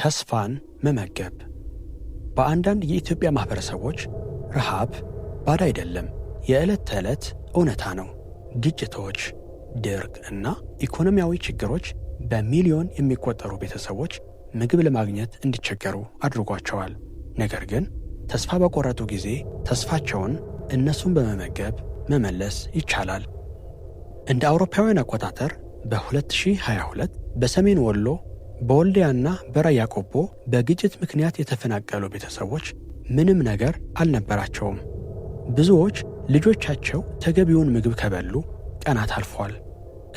ተስፋን መመገብ። በአንዳንድ የኢትዮጵያ ማኅበረሰቦች ረሃብ ባድ አይደለም፣ የዕለት ተዕለት እውነታ ነው። ግጭቶች፣ ድርቅ እና ኢኮኖሚያዊ ችግሮች በሚሊዮን የሚቆጠሩ ቤተሰቦች ምግብ ለማግኘት እንዲቸገሩ አድርጓቸዋል። ነገር ግን ተስፋ በቆረጡ ጊዜ ተስፋቸውን እነሱን በመመገብ መመለስ ይቻላል። እንደ አውሮፓውያን አቆጣጠር በ2022 በሰሜን ወሎ በወልዲያና በራያቆቦ በግጭት ምክንያት የተፈናቀሉ ቤተሰቦች ምንም ነገር አልነበራቸውም። ብዙዎች ልጆቻቸው ተገቢውን ምግብ ከበሉ ቀናት አልፏል።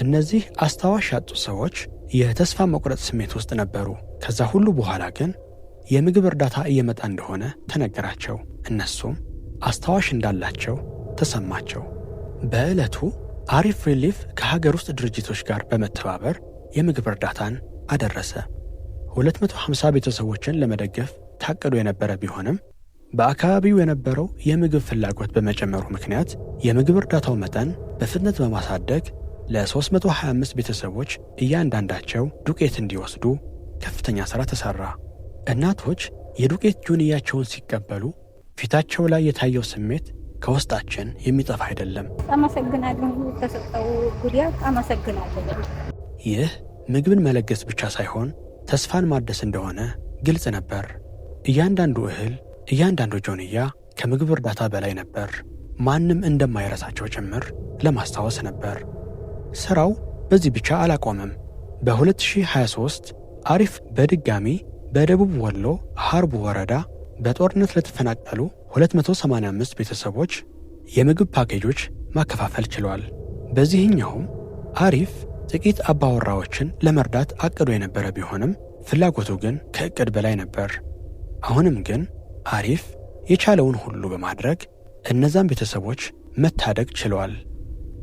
እነዚህ አስታዋሽ ያጡ ሰዎች የተስፋ መቁረጥ ስሜት ውስጥ ነበሩ። ከዛ ሁሉ በኋላ ግን የምግብ እርዳታ እየመጣ እንደሆነ ተነገራቸው። እነሱም አስታዋሽ እንዳላቸው ተሰማቸው። በዕለቱ አሪፍ ሪሊፍ ከሀገር ውስጥ ድርጅቶች ጋር በመተባበር የምግብ እርዳታን አደረሰ። 250 ቤተሰቦችን ለመደገፍ ታቅዶ የነበረ ቢሆንም በአካባቢው የነበረው የምግብ ፍላጎት በመጨመሩ ምክንያት የምግብ እርዳታው መጠን በፍጥነት በማሳደግ ለ325 ቤተሰቦች እያንዳንዳቸው ዱቄት እንዲወስዱ ከፍተኛ ሥራ ተሠራ። እናቶች የዱቄት ጁንያቸውን ሲቀበሉ ፊታቸው ላይ የታየው ስሜት ከውስጣችን የሚጠፋ አይደለም። አመሰግናለሁ። ተሰጠው ጉዲያ አመሰግናለሁ። ይህ ምግብን መለገስ ብቻ ሳይሆን ተስፋን ማደስ እንደሆነ ግልጽ ነበር። እያንዳንዱ እህል፣ እያንዳንዱ ጆንያ ከምግብ እርዳታ በላይ ነበር። ማንም እንደማይረሳቸው ጭምር ለማስታወስ ነበር። ሥራው በዚህ ብቻ አላቆመም። በ2023 አሪፍ በድጋሚ በደቡብ ወሎ ሐርቡ ወረዳ በጦርነት ለተፈናቀሉ 285 ቤተሰቦች የምግብ ፓኬጆች ማከፋፈል ችሏል። በዚህኛውም አሪፍ ጥቂት አባወራዎችን ለመርዳት አቅዶ የነበረ ቢሆንም ፍላጎቱ ግን ከእቅድ በላይ ነበር። አሁንም ግን አሪፍ የቻለውን ሁሉ በማድረግ እነዛን ቤተሰቦች መታደግ ችለዋል።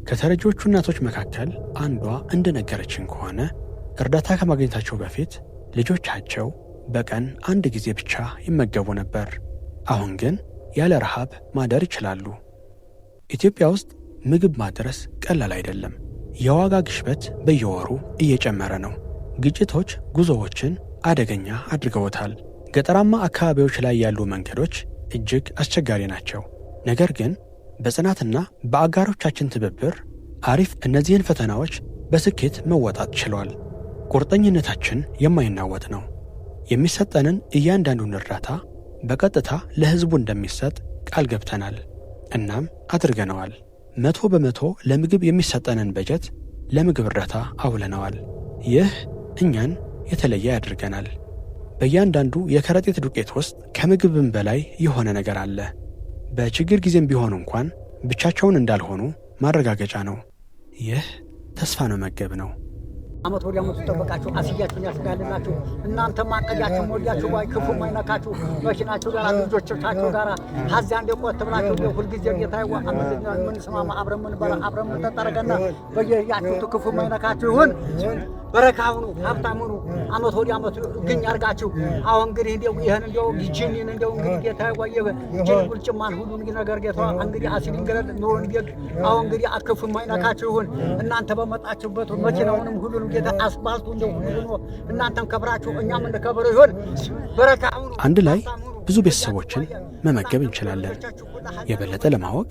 ከተረጂዎቹ እናቶች መካከል አንዷ እንደነገረችን ከሆነ እርዳታ ከማግኘታቸው በፊት ልጆቻቸው በቀን አንድ ጊዜ ብቻ ይመገቡ ነበር። አሁን ግን ያለ ረሃብ ማደር ይችላሉ። ኢትዮጵያ ውስጥ ምግብ ማድረስ ቀላል አይደለም። የዋጋ ግሽበት በየወሩ እየጨመረ ነው። ግጭቶች ጉዞዎችን አደገኛ አድርገውታል። ገጠራማ አካባቢዎች ላይ ያሉ መንገዶች እጅግ አስቸጋሪ ናቸው። ነገር ግን በጽናትና በአጋሮቻችን ትብብር አሪፍ እነዚህን ፈተናዎች በስኬት መወጣት ችሏል። ቁርጠኝነታችን የማይናወጥ ነው። የሚሰጠንን እያንዳንዱን እርዳታ በቀጥታ ለሕዝቡ እንደሚሰጥ ቃል ገብተናል። እናም አድርገነዋል። መቶ በመቶ ለምግብ የሚሰጠንን በጀት ለምግብ እርዳታ አውለነዋል። ይህ እኛን የተለየ ያደርገናል። በእያንዳንዱ የከረጢት ዱቄት ውስጥ ከምግብም በላይ የሆነ ነገር አለ። በችግር ጊዜም ቢሆን እንኳን ብቻቸውን እንዳልሆኑ ማረጋገጫ ነው። ይህ ነው መገብ ነው። አመት ወዲያ አመት ጠበቃችሁ አስያችሁን ያስጋልላችሁ እናንተ ማቀጃችሁ ሞልያችሁ ዋይ ክፉ ማይነካችሁ መኪናችሁ ጋር ልጆቻችሁ ጋር ሀዚያ እንደ ቆት ብላችሁ ሁልጊዜ ጌታ ይዋ ምን ስማማ አብረን ምንበላ አብረን ምንጠጠረገና በየያችሁ ክፉ ማይነካችሁ ይሁን። በረካ ሁኑ፣ ሀብታም ሁኑ። አመት ወዲህ አመት እግኝ አድርጋችሁ አሁን እንግዲህ እንዲያው ይህን እንዲያው ጅኒን እንዲያው እንግዲህ ጌታ ያጓየ ጅኒ ቁልጭማን ሁሉ ነገር ጌታ እንግዲህ አሲን እንግረድ ኖን ጌግ አሁን እንግዲህ አትክፉን ማይነካችሁ ይሁን እናንተ በመጣችሁበት መኪናውንም ሁሉንም ጌታ አስፋልቱ እንደ ሁሉ እናንተም ከብራችሁ እኛም እንደከበረ ይሁን። በረካ ሁኑ። አንድ ላይ ብዙ ቤተሰቦችን መመገብ እንችላለን። የበለጠ ለማወቅ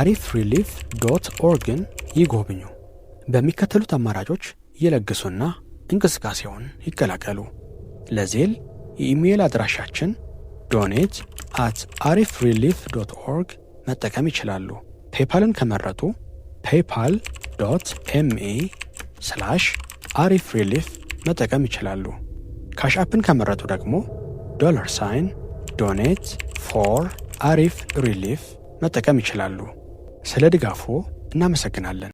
አሪፍ ሪሊፍ ዶት ኦርግን ይጎብኙ። በሚከተሉት አማራጮች ይለግሱና እንቅስቃሴውን ይቀላቀሉ። ለዜል የኢሜይል አድራሻችን ዶኔት አት አሪፍ ሪሊፍ ዶት ኦርግ መጠቀም ይችላሉ። ፔፓልን ከመረጡ ፔፓል ዶት ኤምኤ ስላሽ አሪፍ ሪሊፍ መጠቀም ይችላሉ። ካሽአፕን ከመረጡ ደግሞ ዶላር ሳይን ዶኔት ፎር አሪፍ ሪሊፍ መጠቀም ይችላሉ። ስለ ድጋፎ እናመሰግናለን።